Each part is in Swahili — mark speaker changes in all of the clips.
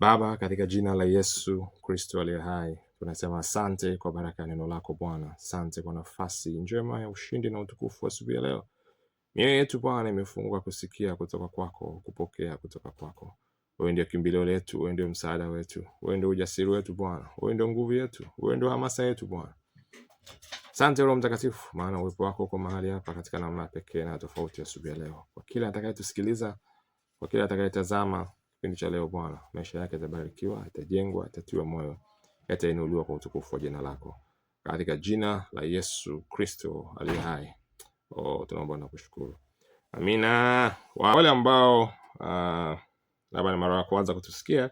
Speaker 1: Baba, katika jina la Yesu Kristo aliye hai, tunasema asante kwa baraka ya neno lako Bwana. Asante kwa nafasi njema ya ushindi na utukufu asubuhi ya leo. Mioyo yetu Bwana imefunguka kusikia kutoka kwako, kupokea kutoka kwako. Wewe ndio kimbilio letu, wewe ndio msaada wetu, wewe ndio ujasiri wetu Bwana, wewe ndio nguvu yetu, wewe ndio hamasa yetu Bwana. Asante Roho Mtakatifu, maana uwepo wako uko mahali hapa katika namna pekee na tofauti asubuhi ya leo, kwa kila atakayetusikiliza, kwa kila atakayetazama Kipindi cha leo Bwana, maisha yake yatabarikiwa, yatajengwa, yatatiwa moyo, yatainuliwa kwa utukufu wa jina lako, katika jina la Yesu Kristo aliye hai. Oh, tunaomba na kushukuru, amina. Wa wale ambao uh, labda ni mara ya kwanza kutusikia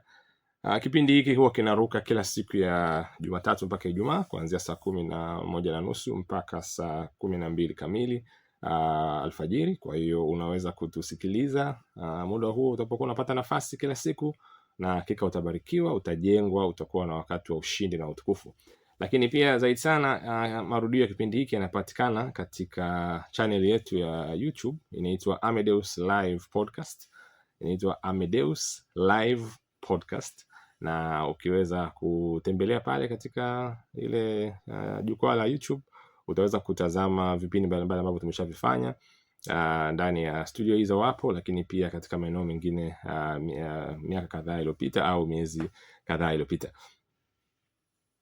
Speaker 1: uh, kipindi hiki huwa kinaruka kila siku ya Jumatatu mpaka Ijumaa kuanzia saa kumi na moja na nusu mpaka saa kumi na mbili kamili uh, alfajiri. Kwa hiyo unaweza kutusikiliza uh, muda huo utapokuwa unapata nafasi kila siku, na hakika utabarikiwa, utajengwa, utakuwa na wakati wa ushindi na utukufu. Lakini pia zaidi sana uh, marudio ya kipindi hiki yanapatikana katika channel yetu ya YouTube inaitwa Amedeus Live Podcast, inaitwa Amedeus Live Podcast na ukiweza kutembelea pale katika ile uh, jukwaa la YouTube utaweza kutazama vipindi mbalimbali ambavyo tumeshavifanya ah, ndani ya studio hizo wapo, lakini pia katika maeneo mengine ah, miaka kadhaa iliyopita au miezi kadhaa iliyopita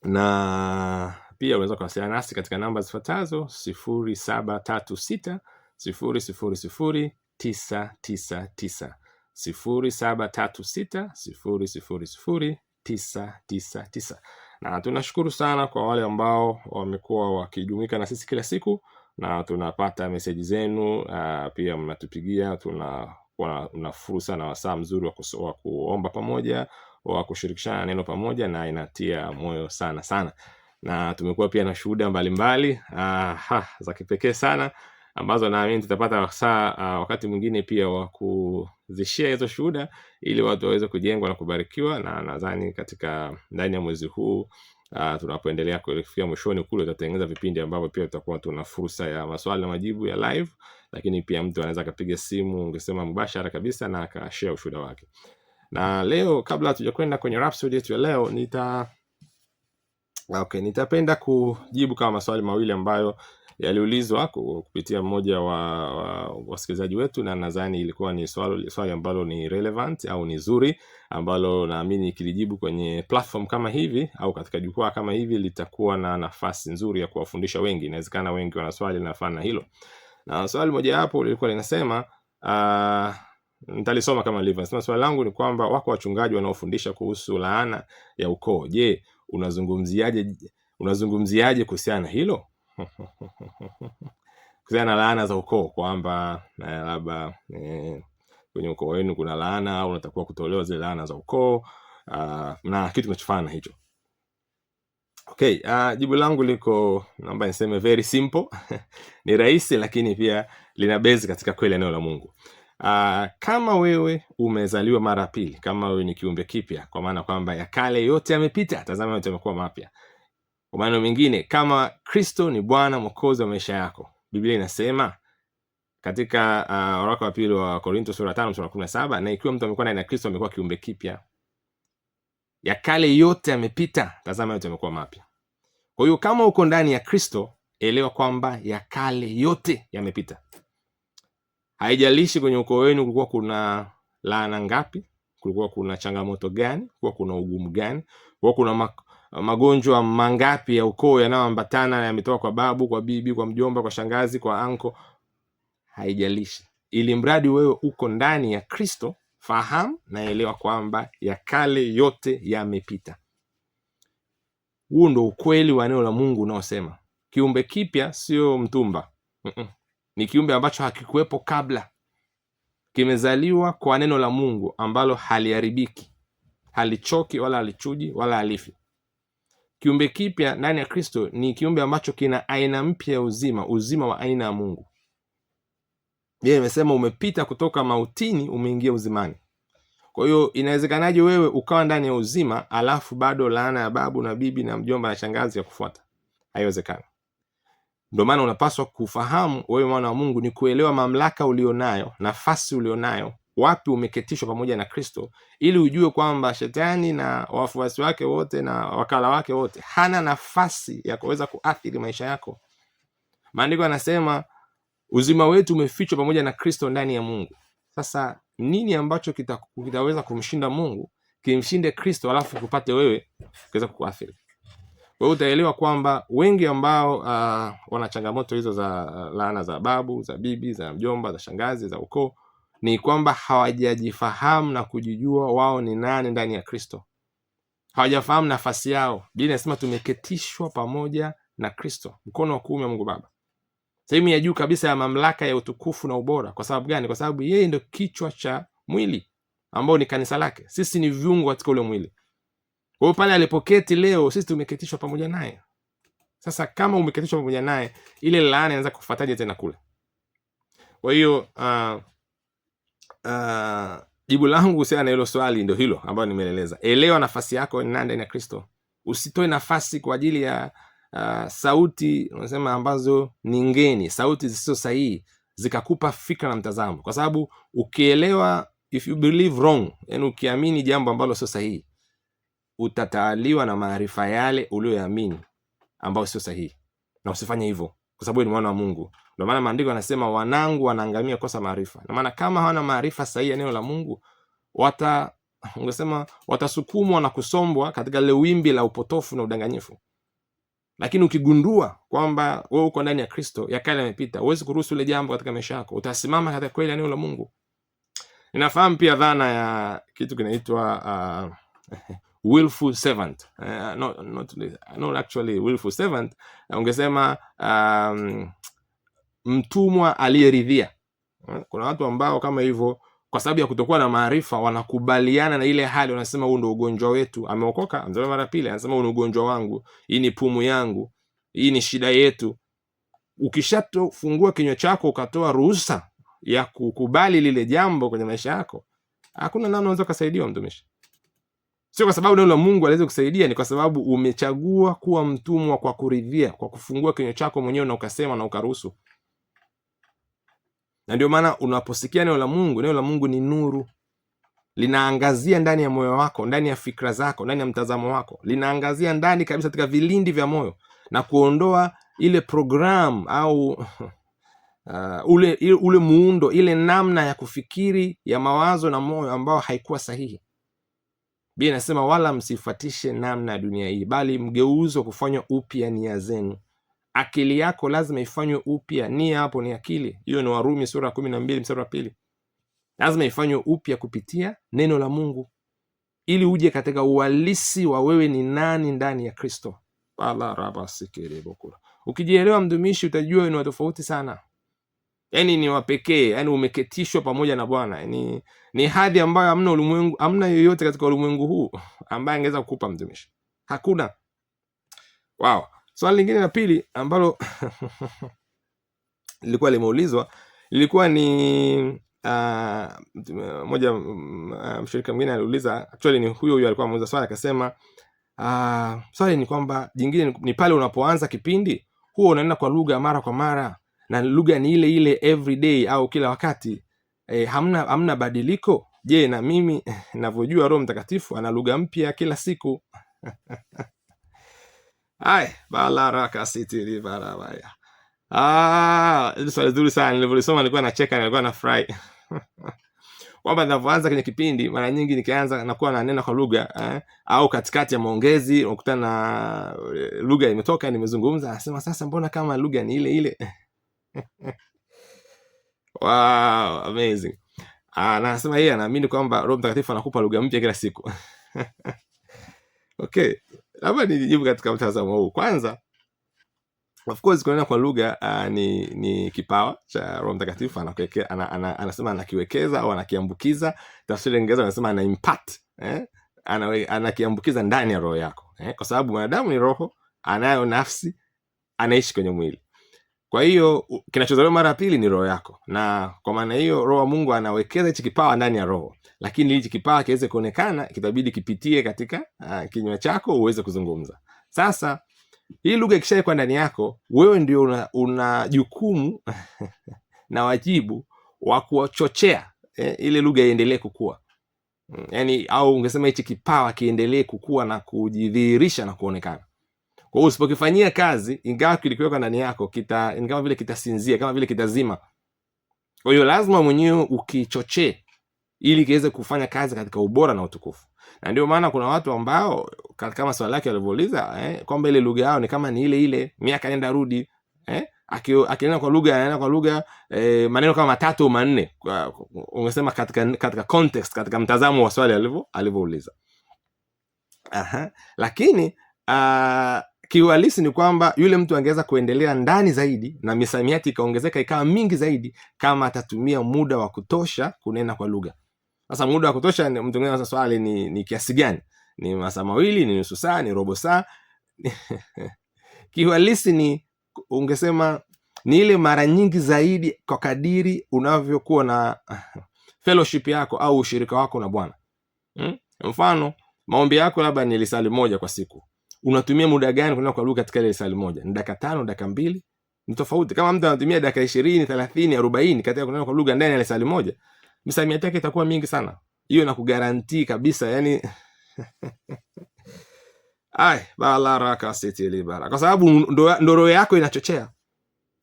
Speaker 1: na pia unaweza kuwasiliana nasi katika namba zifuatazo: sifuri saba tatu sita sifuri sifuri sifuri tisa tisa tisa sifuri saba tatu sita sifuri sifuri sifuri tisa tisa tisa na tunashukuru sana kwa wale ambao wamekuwa wakijumuika na sisi kila siku na tunapata meseji zenu uh, pia mnatupigia tuna una fursa na wasaa mzuri wa kuomba pamoja wa kushirikishana neno pamoja na inatia moyo sana sana na tumekuwa pia na shuhuda mbalimbali ah, za kipekee sana ambazo naamini tutapata wasaa uh, wakati mwingine pia wa kuzishia hizo shuhuda ili watu waweze kujengwa na kubarikiwa, na nadhani katika ndani ya mwezi huu Uh, tunapoendelea kufikia mwishoni kule tutatengeneza vipindi ambavyo pia tutakuwa tuna fursa ya maswali na majibu ya live, lakini pia mtu anaweza akapiga simu ungesema mubashara kabisa na akashare ushuhuda wake. Na leo kabla hatujakwenda kwenye Rhapsody yetu ya leo nita okay, nitapenda kujibu kama maswali mawili ambayo yaliulizwa kupitia mmoja wa, wa wetu, na nadhani ilikuwa ni swali, swali ambalo ni relevant au ni zuri ambalo naamini kilijibu kwenye platform kama hivi au katika jukwaa kama hivi litakuwa na nafasi nzuri ya kuwafundisha wengi. Inawezekana wengi wana swali linafana na hilo, na swali moja hapo lilikuwa linasema uh, nitalisoma kama lilivyo. Nasema swali langu ni kwamba wako wachungaji wanaofundisha kuhusu laana ya ukoo. Je, unazungumziaje unazungumziaje kuhusiana na hilo? kuhusiana na laana za ukoo kwamba eh, labda eh, kwenye ukoo wenu kuna laana au unatakiwa kutolewa zile laana za ukoo uh, na kitu kinachofanana hicho. Okay, uh, jibu langu liko naomba niseme very simple ni rahisi lakini pia lina base katika kweli eneo la Mungu. Uh, kama wewe umezaliwa mara ya pili, kama wewe ni kiumbe kipya, kwa maana kwamba ya kale yote yamepita, tazama yote yamekuwa mapya. Kwa maneno mengine, kama Kristo ni Bwana mwokozi wa maisha yako, Biblia inasema katika uh, waraka uh, wa pili wa Korinto sura tano mstari wa kumi na saba na ikiwa mtu amekuwa ndani ya Kristo amekuwa kiumbe kipya, ya kale yote yamepita, tazama yote yamekuwa mapya. Kwa hiyo kama uko ndani ya Kristo, elewa kwamba ya kale yote yamepita. Haijalishi kwenye ukoo wenu kulikuwa kuna laana ngapi, kulikuwa kuna changamoto gani, kulikuwa kuna ugumu gani, kulikuwa kuna magonjwa mangapi ya ukoo yanayoambatana yametoka kwa babu, kwa bibi, kwa mjomba, kwa shangazi, kwa anko, haijalishi, ili mradi wewe uko ndani ya Kristo, fahamu naelewa kwamba ya kale yote yamepita. Huu ndo ukweli wa neno la Mungu unaosema kiumbe kipya sio mtumba mm -mm. Ni kiumbe ambacho hakikuwepo kabla, kimezaliwa kwa neno la Mungu ambalo haliharibiki, halichoki, wala halichuji, wala halifi. Kiumbe kipya ndani ya Kristo ni kiumbe ambacho kina aina mpya ya uzima, uzima wa aina ya Mungu. Yeye imesema umepita kutoka mautini umeingia uzimani. Kwa hiyo inawezekanaje wewe ukawa ndani ya uzima alafu bado laana ya babu na bibi na mjomba na shangazi ya kufuata? Haiwezekani. Ndio maana unapaswa kufahamu wewe mwana wa Mungu ni kuelewa mamlaka ulionayo, nafasi ulionayo wapi umeketishwa pamoja na Kristo, ili ujue kwamba shetani na wafuasi wake wote na wakala wake wote hana nafasi ya kuweza kuathiri maisha yako. Maandiko yanasema uzima wetu umefichwa pamoja na Kristo ndani ya Mungu. Sasa nini ambacho kita, kitaweza kumshinda Mungu kimshinde Kristo alafu kupate wewe kuweza kukuathiri? Kwa utaelewa kwamba wengi ambao uh, wana changamoto hizo za ah, laana za babu za bibi za mjomba za shangazi za ukoo ni kwamba hawajajifahamu na kujijua wao ni nani ndani ya Kristo, hawajafahamu nafasi yao. Biblia inasema tumeketishwa pamoja na Kristo mkono wa kuume wa Mungu Baba, sehemu ya juu kabisa ya mamlaka ya utukufu na ubora. Kwa sababu gani? Kwa sababu yeye ndio kichwa cha mwili ambao ni kanisa lake. Sisi ni viungo katika ule mwili. Kwa hiyo pale alipoketi leo, sisi tumeketishwa pamoja naye. Sasa kama umeketishwa pamoja naye, ile laana inaweza kufuataje tena kule? Kwa hiyo uh, Ah, jibu langu kuhusiana na hilo swali ndio hilo ambayo nimeeleza. Elewa nafasi yako na ndani ya Kristo, usitoe nafasi kwa ajili ya uh, sauti unasema ambazo ni ngeni, sauti zisizo sahihi zikakupa fikra na mtazamo, kwa sababu ukielewa, if you believe wrong, yani ukiamini jambo ambalo sio sahihi, utatawaliwa na maarifa yale uliyoyaamini ambayo sio sahihi, na usifanye hivyo kwa sababu ni mwana wa Mungu. Ndio maana maandiko yanasema wanangu wanaangamia kosa maarifa. Na maana kama hawana maarifa sahihi ya neno la Mungu, wata ungesema watasukumwa na kusombwa katika lile wimbi la upotofu na udanganyifu. Lakini ukigundua kwamba wewe uko ndani ya Kristo, ya kale yamepita, huwezi kuruhusu ile jambo katika maisha yako, utasimama katika kweli ya neno la Mungu. Ninafahamu pia dhana ya kitu kinaitwa uh, willful servant uh, not, not, not actually willful servant eh, ungesema um, mtumwa aliyeridhia eh, kuna watu ambao kama hivyo kwa sababu ya kutokuwa na maarifa wanakubaliana na ile hali, wanasema huu ndo ugonjwa wetu. Ameokoka, amzaliwa mara pili, anasema huu ni ugonjwa wangu, hii ni pumu yangu, hii ni shida yetu. Ukishafungua kinywa chako ukatoa ruhusa ya kukubali lile jambo kwenye maisha yako, hakuna namna unaweza ukasaidiwa, mtumishi. Sio kwa sababu neno la Mungu aliweze kusaidia, ni kwa sababu umechagua kuwa mtumwa kwa kuridhia, kwa kufungua kinywa chako mwenyewe na ukasema na ukaruhusu. Na ndio maana unaposikia neno la Mungu, neno la Mungu ni nuru, linaangazia ndani ya moyo wako, ndani ya fikra zako, ndani ya mtazamo wako, linaangazia ndani kabisa katika vilindi vya moyo na kuondoa ile programu au uh, ule, ule muundo, ile namna ya kufikiri ya mawazo na moyo ambao haikuwa sahihi. Biblia inasema wala msifuatishe namna ya dunia hii, bali mgeuzwa kufanywa upya nia zenu. Akili yako lazima ifanywe upya. Nia hapo ni akili, hiyo ni Warumi sura ya kumi na mbili mstari wa pili. Lazima ifanywe upya kupitia neno la Mungu ili uje katika uhalisi wa wewe ni nani ndani ya Kristo. Ukijielewa mtumishi, utajua ni tofauti sana yani ni wapekee, yani umeketishwa pamoja na Bwana. Yani ni hadhi ambayo hamna ulimwengu, hamna yoyote katika ulimwengu huu ambaye angeweza kukupa mtumishi, hakuna. Wow. Swali lingine la pili ambalo lilikuwa limeulizwa lilikuwa ni Uh, moja uh, mshirika mwingine aliuliza, actually ni huyo huyo alikuwa ameuliza swali akasema, uh, swali ni kwamba jingine ni pale unapoanza kipindi huwa unaenda kwa lugha mara kwa mara, na lugha ni ile ile everyday au kila wakati e, hamna, hamna badiliko. Je, na mimi navyojua Roho Mtakatifu ana lugha mpya kila siku Ai, ay balarakasitilibarabaya Ah, swali zuri sana. Nilivyolisoma nilikuwa nacheka, nilikuwa nafurahi kwamba ninavyoanza kwenye kipindi, mara nyingi nikianza nakuwa nanena kwa lugha eh, au katikati ya maongezi unakutana na eh, lugha imetoka, nimezungumza, nasema sasa, mbona kama lugha ni ile ile Wow, amazing. Ah, na anasema yeye anaamini kwamba Roho Mtakatifu anakupa lugha mpya kila siku. Okay, labda nijibu katika mtazamo huu kwanza. Of course kunena kwa lugha uh, ni ni kipawa cha Roho Mtakatifu anakuwekea ana, ana, anasema anakiwekeza au anakiambukiza. Tafsiri ya Kiingereza anasema ana impart eh? Ana, anakiambukiza ndani ya roho yako eh? Kwa sababu mwanadamu ni roho, anayo nafsi, anaishi kwenye mwili kwa hiyo kinachozaliwa mara ya pili ni roho yako, na kwa maana hiyo roho wa Mungu anawekeza hichi kipawa ndani ya roho, lakini hichi kipawa kiweze kuonekana kitabidi kipitie katika uh, kinywa chako uweze kuzungumza. Sasa hii lugha ikishawekwa ndani yako, wewe ndio una, una jukumu na wajibu wa kuchochea eh, ile lugha iendelee kukua mm, yani, au ungesema hichi kipawa kiendelee kukua na kujidhihirisha na kuonekana. Kwa hiyo usipokifanyia kazi, ingawa kilikuwekwa ndani yako, kita kama vile kitasinzia, kama vile kitazima. Kwa hiyo lazima mwenyewe ukichochee ili kiweze kufanya kazi katika ubora na utukufu. Na ndio maana kuna watu ambao kama swali lake alivyouliza eh, kwamba ile lugha yao ni kama ni ile ile miaka nenda rudi eh, akinena kwa lugha anaenda kwa lugha eh, maneno kama matatu manne, umesema katika katika context, katika mtazamo wa swali alivyouliza. Aha, lakini uh, kiuhalisi ni kwamba yule mtu angeweza kuendelea ndani zaidi na misamiati ikaongezeka ikawa mingi zaidi, kama atatumia muda wa kutosha kunena kwa lugha. Sasa muda wa kutosha, mtu mwingine anaweza swali ni, ni kiasi gani? Ni masaa mawili? Ni nusu saa? Ni robo saa? Kiuhalisi ni ungesema ni ile mara nyingi zaidi kwa kadiri unavyokuwa na fellowship yako au ushirika wako na Bwana hmm? Mfano maombi yako labda ni lisali moja kwa siku unatumia muda gani kwa lugha katika ile risali moja? Ni dakika tano, dakika mbili? Ni tofauti. Kama mtu anatumia dakika ishirini, thelathini, arobaini katika kunena kwa lugha ndani ya risali moja, misamiati yake itakuwa mingi sana. Hiyo nakugaranti kabisa, yani ay balaraka balarakasitilibara, kwa sababu ndoroo yako inachochea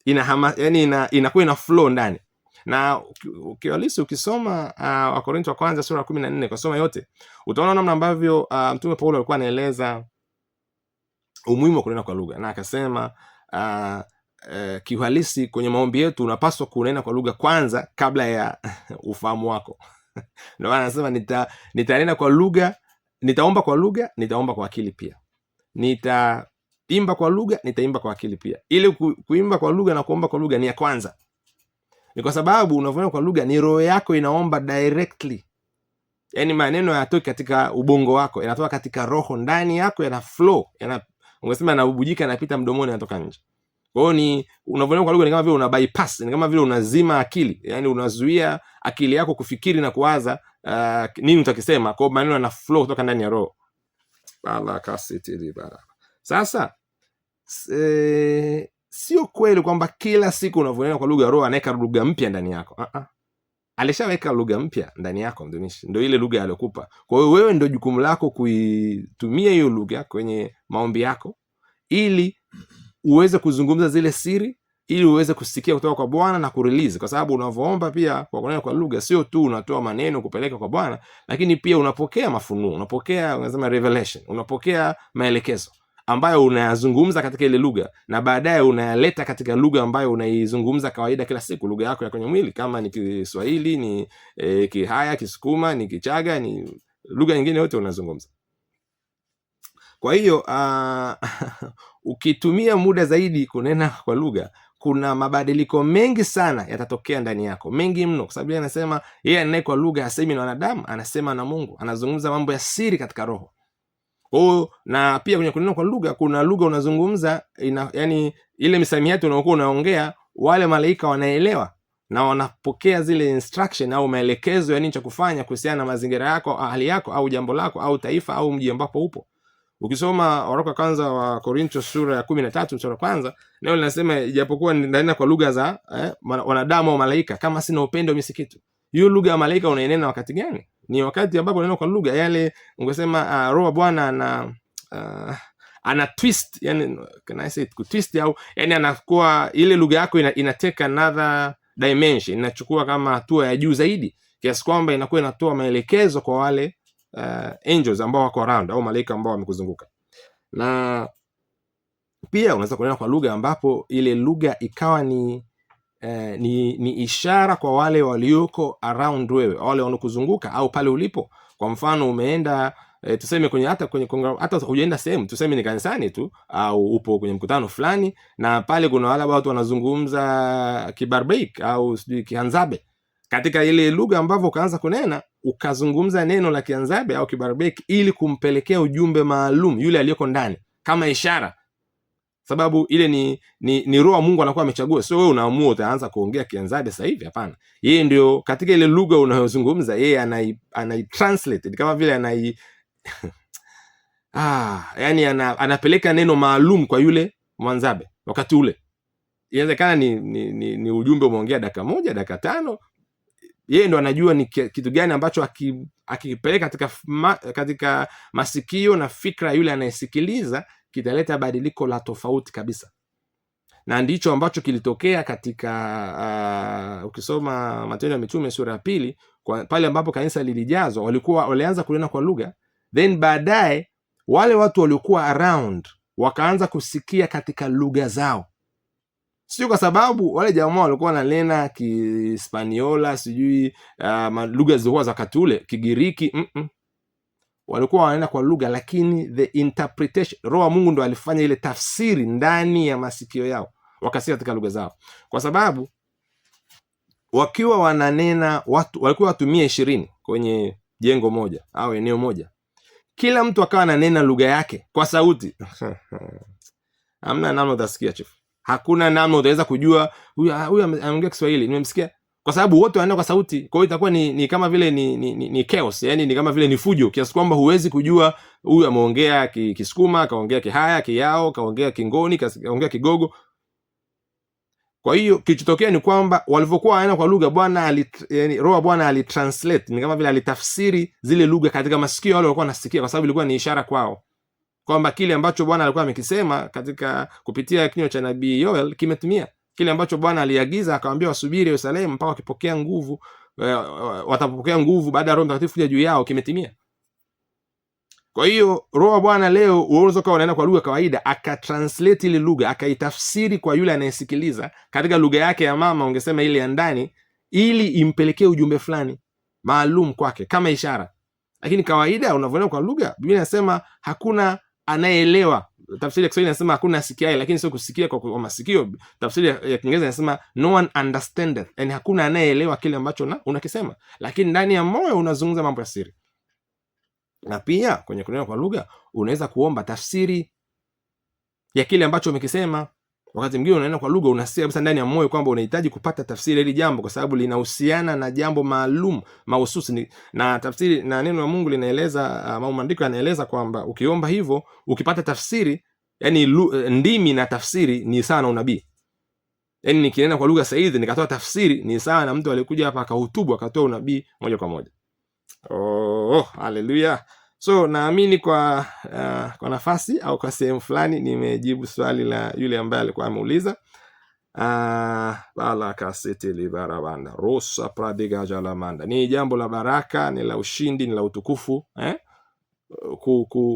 Speaker 1: inahama yani ina, inakuwa ina flow ndani na ukiwalisi ukisoma uh, Wakorintho wa kwanza sura ya kumi na nne ukasoma yote utaona namna ambavyo uh, Mtume Paulo alikuwa anaeleza umuhimu wa kunena kwa lugha na akasema uh, uh, kiuhalisi kwenye maombi yetu unapaswa kunena kwa lugha kwanza kabla ya ufahamu wako ndomana maana anasema nita, nitanena kwa lugha nitaomba kwa lugha nitaomba kwa akili pia nitaimba kwa lugha nitaimba kwa akili pia ili ku, kuimba kwa lugha na kuomba kwa lugha ni ya kwanza ni kwa sababu unavyonena kwa lugha ni roho yako inaomba directly yaani maneno hayatoki katika ubongo wako yanatoka katika roho ndani yako yana flow yana ungesema anabubujika, anapita mdomoni, anatoka nje. Kwa hiyo ni unavyoona kwa lugha, ni kama vile una bypass, ni kama vile unazima akili, yani unazuia akili yako kufikiri na kuwaza uh, nini utakisema. Kwa hiyo maneno yana flow kutoka ndani ya roho. Sasa se, eh, sio kweli kwamba kila siku unavyonena kwa lugha ya roho anaweka lugha mpya ndani yako. uh -uh alishaweka lugha mpya ndani yako mtumishi, ndo ile lugha aliyokupa. Kwa hiyo wewe ndo jukumu lako kuitumia hiyo lugha kwenye maombi yako, ili uweze kuzungumza zile siri, ili uweze kusikia kutoka kwa Bwana na kurelease, kwa sababu unavyoomba pia kwa kunena kwa lugha, sio tu unatoa maneno kupeleka kwa Bwana, lakini pia unapokea mafunuo, unapokea unasema revelation, unapokea maelekezo ambayo unayazungumza katika ile lugha na baadaye unayaleta katika lugha ambayo unaizungumza kawaida kila siku, lugha yako ya kwenye mwili, kama ni Kiswahili ni e, Kihaya, Kisukuma ni Kichaga, ni lugha nyingine yote unazungumza. Kwa hiyo ah, ukitumia muda zaidi kunena kwa lugha, kuna mabadiliko mengi sana yatatokea ndani yako, mengi mno, kwa sababu anasema yeye anaye kwa lugha hasemi na wanadamu, anasema na Mungu, anazungumza mambo ya siri katika roho. Kwa na pia kwenye kunena kwa lugha, kuna lugha unazungumza ina, yani ile misamiati unaokuwa unaongea, wale malaika wanaelewa na wanapokea zile instruction au maelekezo ya nini cha kufanya kuhusiana na mazingira yako, hali yako, au jambo lako, au taifa, au mji ambapo upo. Ukisoma waraka wa kwanza wa Korintho sura ya kumi na tatu mstari wa kwanza nao linasema ijapokuwa ninanena kwa lugha za eh, wanadamu au malaika, kama sina upendo mimi si kitu. Hiyo lugha ya malaika unaenena wakati gani? ni wakati ambapo neno kwa lugha yale ungesema uh, roho wa Bwana ana uh, ana twist yani, can I say it, twist au yani anakuwa ile lugha yako ina, take another dimension, inachukua kama hatua ya juu zaidi kiasi kwamba inakuwa inatoa maelekezo kwa wale uh, angels ambao wako around au malaika ambao wamekuzunguka. Na pia unaweza kunena kwa lugha ambapo ile lugha ikawa ni Eh, ni, ni ishara kwa wale walioko around wewe, wale wanaokuzunguka au pale ulipo. Kwa mfano umeenda E, tuseme kwenye hata kwenye hata hujaenda sehemu, tuseme ni kanisani tu, au upo kwenye mkutano fulani, na pale kuna wale watu wanazungumza Kibarbaik au sijui kianzabe, katika ile lugha, ambavyo ukaanza kunena ukazungumza neno la kianzabe au Kibarbaik ili kumpelekea ujumbe maalum yule aliyoko ndani, kama ishara sababu ile ni ni, ni roho Mungu anakuwa amechagua, sio wewe unaamua utaanza kuongea Kianzade sasa hivi. Hapana, yeye ndio katika ile lugha unayozungumza yeye anai, anai translate kama vile anai ah, yani ana, anapeleka neno maalum kwa yule Mwanzabe wakati ule. Inawezekana ni, ni, ni, ni ujumbe umeongea dakika moja dakika tano, yeye ndo anajua ni kitu gani ambacho akipeleka katika, katika masikio na fikra yule anayesikiliza kitaleta badiliko la tofauti kabisa, na ndicho ambacho kilitokea katika uh, ukisoma Matendo ya Mitume sura ya pili kwa, pale ambapo kanisa lilijazwa walikuwa walianza kunena kwa lugha, then baadaye wale watu waliokuwa around wakaanza kusikia katika lugha zao, sio kwa sababu wale jamaa walikuwa wananena Kispaniola sijui uh, lugha zilikuwa za wakati ule Kigiriki mm -mm walikuwa wananena kwa lugha, lakini the interpretation, roho wa Mungu ndo alifanya ile tafsiri ndani ya masikio yao, wakasikia katika lugha zao, kwa sababu wakiwa wananena watu, walikuwa watumia ishirini kwenye jengo moja au eneo moja, kila mtu akawa ananena lugha yake kwa sauti hamna namna utasikia chifu, hakuna namna utaweza kujua huyu anaongea Kiswahili, nimemsikia kwa sababu wote wanaenda kwa sauti. Kwa hiyo itakuwa ni, ni kama vile ni, ni, ni, ni chaos, yani ni kama vile ni fujo kiasi kwamba huwezi kujua huyu ameongea Kisukuma, kaongea Kihaya, Kiyao, kaongea Kingoni, kaongea Kigogo. Kwa hiyo kilichotokea ni kwamba walivyokuwa wanaenda kwa lugha, Bwana yani, roho Bwana alitranslate, ni kama vile alitafsiri zile lugha katika masikio wale walikuwa wanasikia, kwa sababu ilikuwa ni ishara kwao kwamba kile ambacho Bwana alikuwa amekisema katika kupitia kinywa cha nabii Yoel kimetumia kile ambacho Bwana aliagiza akawaambia wasubiri Yerusalemu mpaka wakipokea nguvu eh, eh, watapokea nguvu baada ya Roho Mtakatifu kuja juu yao kimetimia. Kwa hiyo Roho wa Bwana leo unaweza kuwa unaenda kwa lugha kawaida, akatranslate ile lugha akaitafsiri kwa yule anayesikiliza katika lugha yake ya mama, ungesema ile ya ndani, ili impelekee ujumbe fulani maalum kwake kama ishara. Lakini kawaida unavyoenda kwa lugha, Biblia inasema hakuna anayeelewa tafsiri ya Kiswahili inasema hakuna asikiaye, lakini sio kusikia kwa kwa masikio. Tafsiri ya Kiingereza inasema no one understandeth, yani hakuna anayeelewa kile ambacho unakisema, lakini ndani ya moyo unazungumza mambo ya siri. Na pia kwenye kunena kwa lugha unaweza kuomba tafsiri ya kile ambacho umekisema. Wakati mwingine unaenda kwa lugha, unasikia kabisa ndani ya moyo kwamba unahitaji kupata tafsiri hili jambo, kwa sababu linahusiana na jambo maalum mahususi, na tafsiri na neno la Mungu linaeleza uh, au maandiko yanaeleza kwamba ukiomba hivyo, ukipata tafsiri yani lu, eh, ndimi na tafsiri ni sana unabii. Yani nikinena kwa lugha sahihi nikatoa tafsiri ni sawa na mtu alikuja hapa akahutubu akatoa unabii moja kwa moja. Oh, oh haleluya! So naamini kwa uh, kwa nafasi au kwa sehemu fulani nimejibu swali la yule ambaye alikuwa ameuliza. Ah, bala kasiti libarabanda rusa pradiga jalamanda, ni jambo la baraka, ni la ushindi, ni la utukufu eh? Kutumia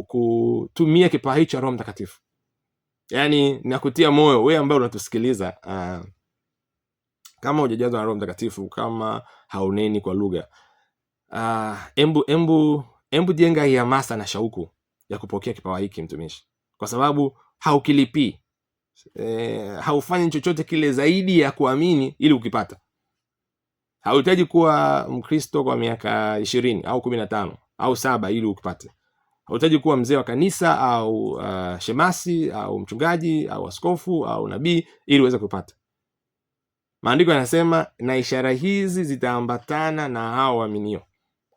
Speaker 1: ku, ku, kipaa hicho Roho Mtakatifu yani nakutia moyo wewe ambaye unatusikiliza uh, kama hujajazwa na Roho Mtakatifu, kama hauneni kwa lugha uh, embu embu embu jenga hii hamasa na shauku ya kupokea kipawa hiki mtumishi, kwa sababu haukilipii e, eh, haufanyi chochote kile zaidi ya kuamini ili ukipata. Hauhitaji kuwa Mkristo kwa miaka ishirini au kumi na tano au saba ili ukipate. Hautaji kuwa mzee wa kanisa au uh, shemasi au mchungaji au askofu au nabii ili uweze kupata. Maandiko yanasema na ishara hizi zitaambatana na hao waaminio,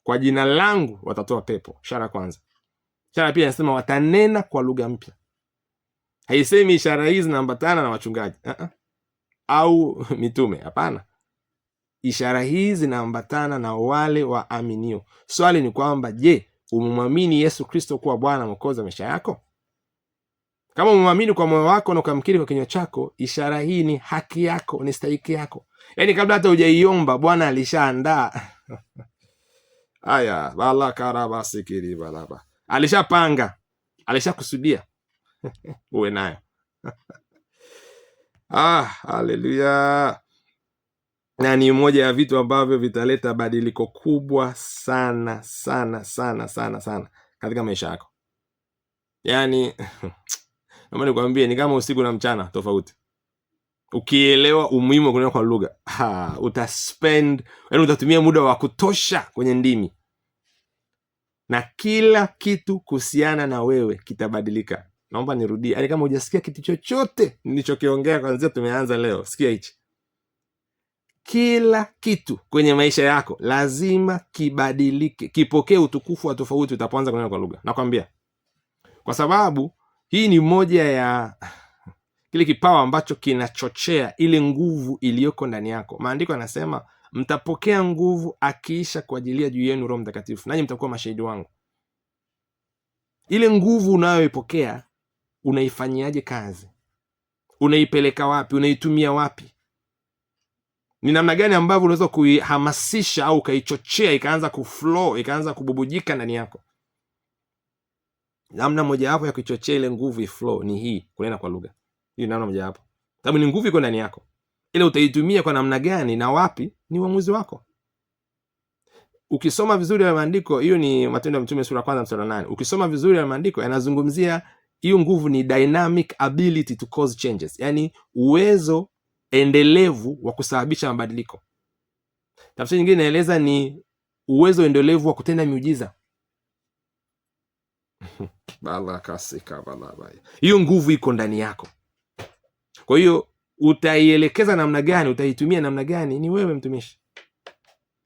Speaker 1: kwa jina langu watatoa pepo. Ishara ya kwanza. Ishara pia inasema watanena kwa lugha mpya. Haisemi ishara hizi zinaambatana na wachungaji uh -uh. au mitume. Hapana, ishara hizi zinaambatana na wale waaminio. Swali ni kwamba je, umemwamini Yesu Kristo kuwa Bwana Mwokozi wa maisha yako? Kama umemwamini kwa moyo wako na ukamkiri kwa kinywa chako, ishara hii ni haki yako, ni stahiki yako. Yaani kabla hata hujaiomba Bwana alishaandaa aya balakarabasikiribalaba alishapanga, alishakusudia uwe nayo. Ah, haleluya! na ni moja ya vitu ambavyo vitaleta badiliko kubwa sana sana sana sana sana katika maisha yako. Yaani naomba nikwambie, ni kama usiku na mchana tofauti. Ukielewa umuhimu wa kunena kwa lugha, utaspend, yaani utatumia muda wa kutosha kwenye ndimi, na kila kitu kuhusiana na wewe kitabadilika. Naomba nirudie, yaani kama hujasikia kitu chochote nilichokiongea kwanzia tumeanza leo, sikia hichi kila kitu kwenye maisha yako lazima kibadilike, kipokee utukufu wa tofauti utapoanza kunena kwa lugha. Nakwambia kwa sababu hii ni moja ya kile kipawa ambacho kinachochea ile nguvu iliyoko ndani yako. Maandiko yanasema mtapokea nguvu akiisha kuajilia juu yenu Roho Mtakatifu, nanyi mtakuwa mashahidi wangu. Ile nguvu unayoipokea unaifanyiaje kazi? Unaipeleka wapi? Unaitumia wapi? ni namna gani ambavyo unaweza kuihamasisha au ukaichochea ikaanza kuflow ikaanza kububujika ndani yako. Namna mojawapo ya kuichochea ile nguvu iflow ni hii, kunena kwa lugha. Hii namna mojawapo, sababu ni nguvu iko ndani yako, ile utaitumia kwa namna gani na wapi ni uamuzi wako. Ukisoma vizuri ya maandiko, hiyo ni Matendo ya Mtume sura kwanza mstari nane. Ukisoma vizuri ya maandiko yanazungumzia hiyo nguvu, ni dynamic ability to cause changes, yani uwezo endelevu wa kusababisha mabadiliko. Tafsiri nyingine inaeleza ni uwezo endelevu wa kutenda miujiza hiyo nguvu iko ndani yako. Kwa hiyo utaielekeza namna gani, utaitumia namna gani, ni wewe mtumishi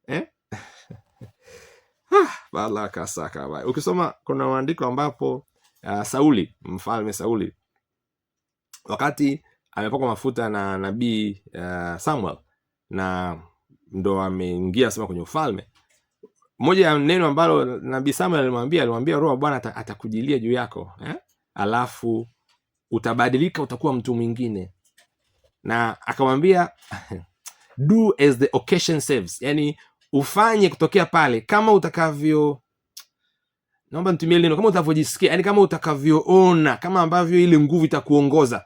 Speaker 1: eh? Ah, ukisoma kuna maandiko ambapo uh, Sauli mfalme Sauli wakati amepakwa mafuta na nabii uh, eh, Samuel na ndo ameingia sema kwenye ufalme. Moja ya neno ambalo nabii Samuel alimwambia alimwambia, roho Bwana atakujilia juu yako eh? alafu utabadilika utakuwa mtu mwingine, na akamwambia do as the occasion serves, yani ufanye kutokea pale kama utakavyo naomba nitumie lino kama utavyojisikia, yani kama utakavyoona, kama ambavyo ile nguvu itakuongoza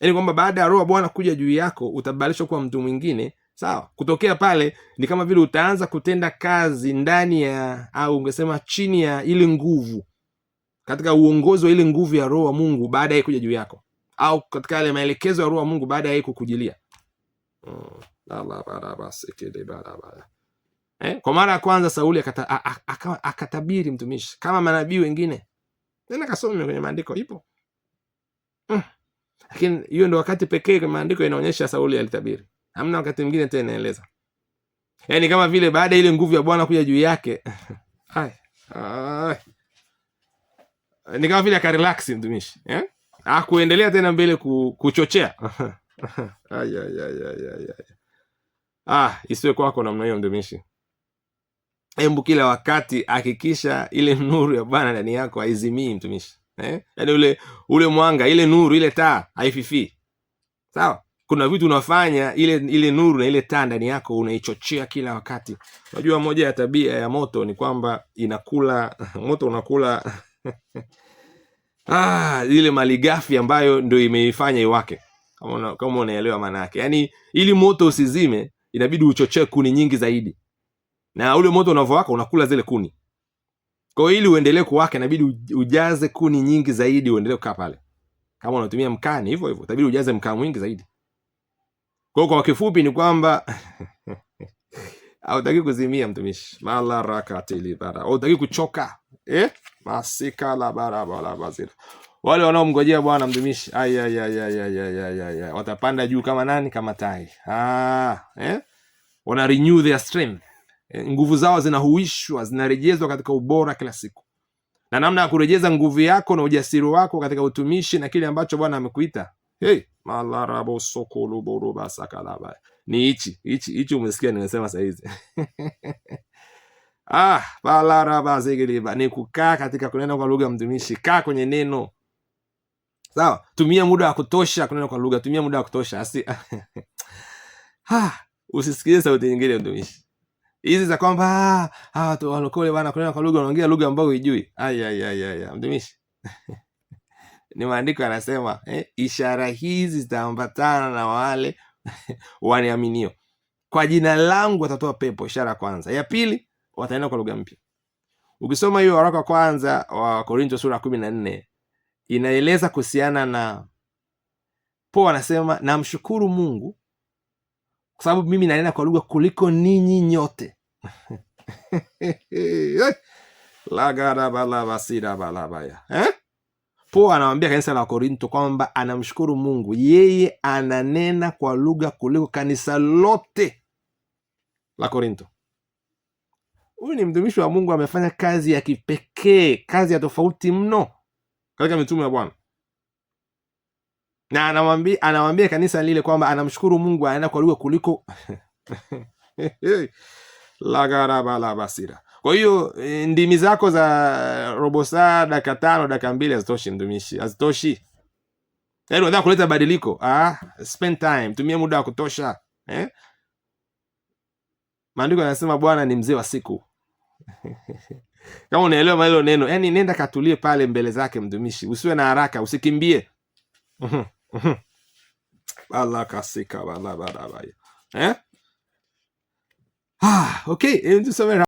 Speaker 1: yaani kwamba baada ya roho Bwana kuja juu yako utabadilishwa kuwa mtu mwingine sawa. Kutokea pale ni kama vile utaanza kutenda kazi ndani ya au ungesema chini ya ile nguvu, katika uongozi wa ile nguvu ya roho wa Mungu baada ya kuja juu yako, au katika yale maelekezo ya roho wa Mungu baada ya kukujilia Eh, kwa mara ya kwanza Sauli akatabiri mtumishi kama manabii wengine. tena kasome kwenye maandiko ipo mm. Lakini hiyo ndio wakati pekee maandiko inaonyesha Sauli alitabiri, hamna wakati mwingine tena inaeleza. Yaani kama vile baada ile nguvu ya Bwana kuja juu yake ay, ay. Ni kama vile akarelax mtumishi eh? Akuendelea tena mbele kuchochea ay, ay, ay, ay, ay. Ah, isiwe kwako namna hiyo mtumishi. embu kila wakati hakikisha ile nuru ya Bwana ndani yako haizimii mtumishi eh? Yani ule ule mwanga, ile nuru, ile taa haififii, sawa. Kuna vitu unafanya ile ile nuru na ile taa ndani yako unaichochea kila wakati. Unajua, moja ya tabia ya moto ni kwamba inakula moto unakula ah, ile malighafi ambayo ndo imeifanya iwake, kama unaelewa maana yake. Yani ili moto usizime, inabidi uchochee kuni nyingi zaidi, na ule moto unavyowaka unakula zile kuni. Kwa ili uendelee kuwaka inabidi ujaze kuni nyingi zaidi uendelee kukaa pale. Kama unatumia mkaa ni hivyo hivyo, itabidi ujaze mkaa mwingi zaidi. Kwa kwa kifupi ni kwamba hautaki kuzimia mtumishi, mala rakatili bara, hautaki kuchoka eh? masika la bara bara bazira wale wanaomgojea Bwana mtumishi, watapanda juu kama nani? Kama tai ah, eh? wana renew their strength. Eh, nguvu zao zinahuishwa, zinarejezwa katika ubora kila siku, na namna ya kurejeza nguvu yako na ujasiri wako katika utumishi na kile ambacho Bwana amekuita hey, ni hichi hichi hichi, umesikia nimesema sahizi Ah, ni kukaa katika kunena kwa lugha. Mtumishi, kaa kwenye neno, sawa. Tumia muda wa kutosha kunena kwa lugha, tumia muda wa kutosha asi. Ah, usisikilize sauti nyingine, mtumishi hizi za kwamba ah, walokole bana kunena kwa lugha, wanaongea lugha ambayo huijui. Ayayaya mtumishi ni maandiko yanasema eh, ishara hizi zitaambatana na wale waniaminio, kwa jina langu watatoa pepo. Ishara ya kwanza. Ya pili, wataenda kwa lugha mpya. Ukisoma hiyo waraka wa kwanza wa Korinto sura kumi na nne inaeleza kuhusiana na po anasema, namshukuru Mungu kwa sababu mimi nanena kwa lugha kuliko ninyi nyote lagarabalabasirabalabaya eh? po anawambia kanisa la Korinto kwamba anamshukuru Mungu, yeye ananena kwa lugha kuliko kanisa lote la Korinto. Huyu ni mtumishi wa Mungu, amefanya kazi ya kipekee, kazi ya tofauti mno katika mitume ya Bwana na anamwambia anamwambia kanisa lile kwamba anamshukuru Mungu anaenda kwa lugha kuliko lagarabalabasira. Kwa hiyo e, ndimi zako za robo saa, dakika tano, dakika mbili hazitoshi, mtumishi, hazitoshi. Yaani unataka kuleta badiliko, ah, spend time, tumia muda wa kutosha eh? Maandiko yanasema Bwana ni mzee wa siku kama unaelewa hilo neno, yaani nenda katulie pale mbele zake mtumishi, usiwe na haraka, usikimbie É? Ah, ok, ele disse a verdade.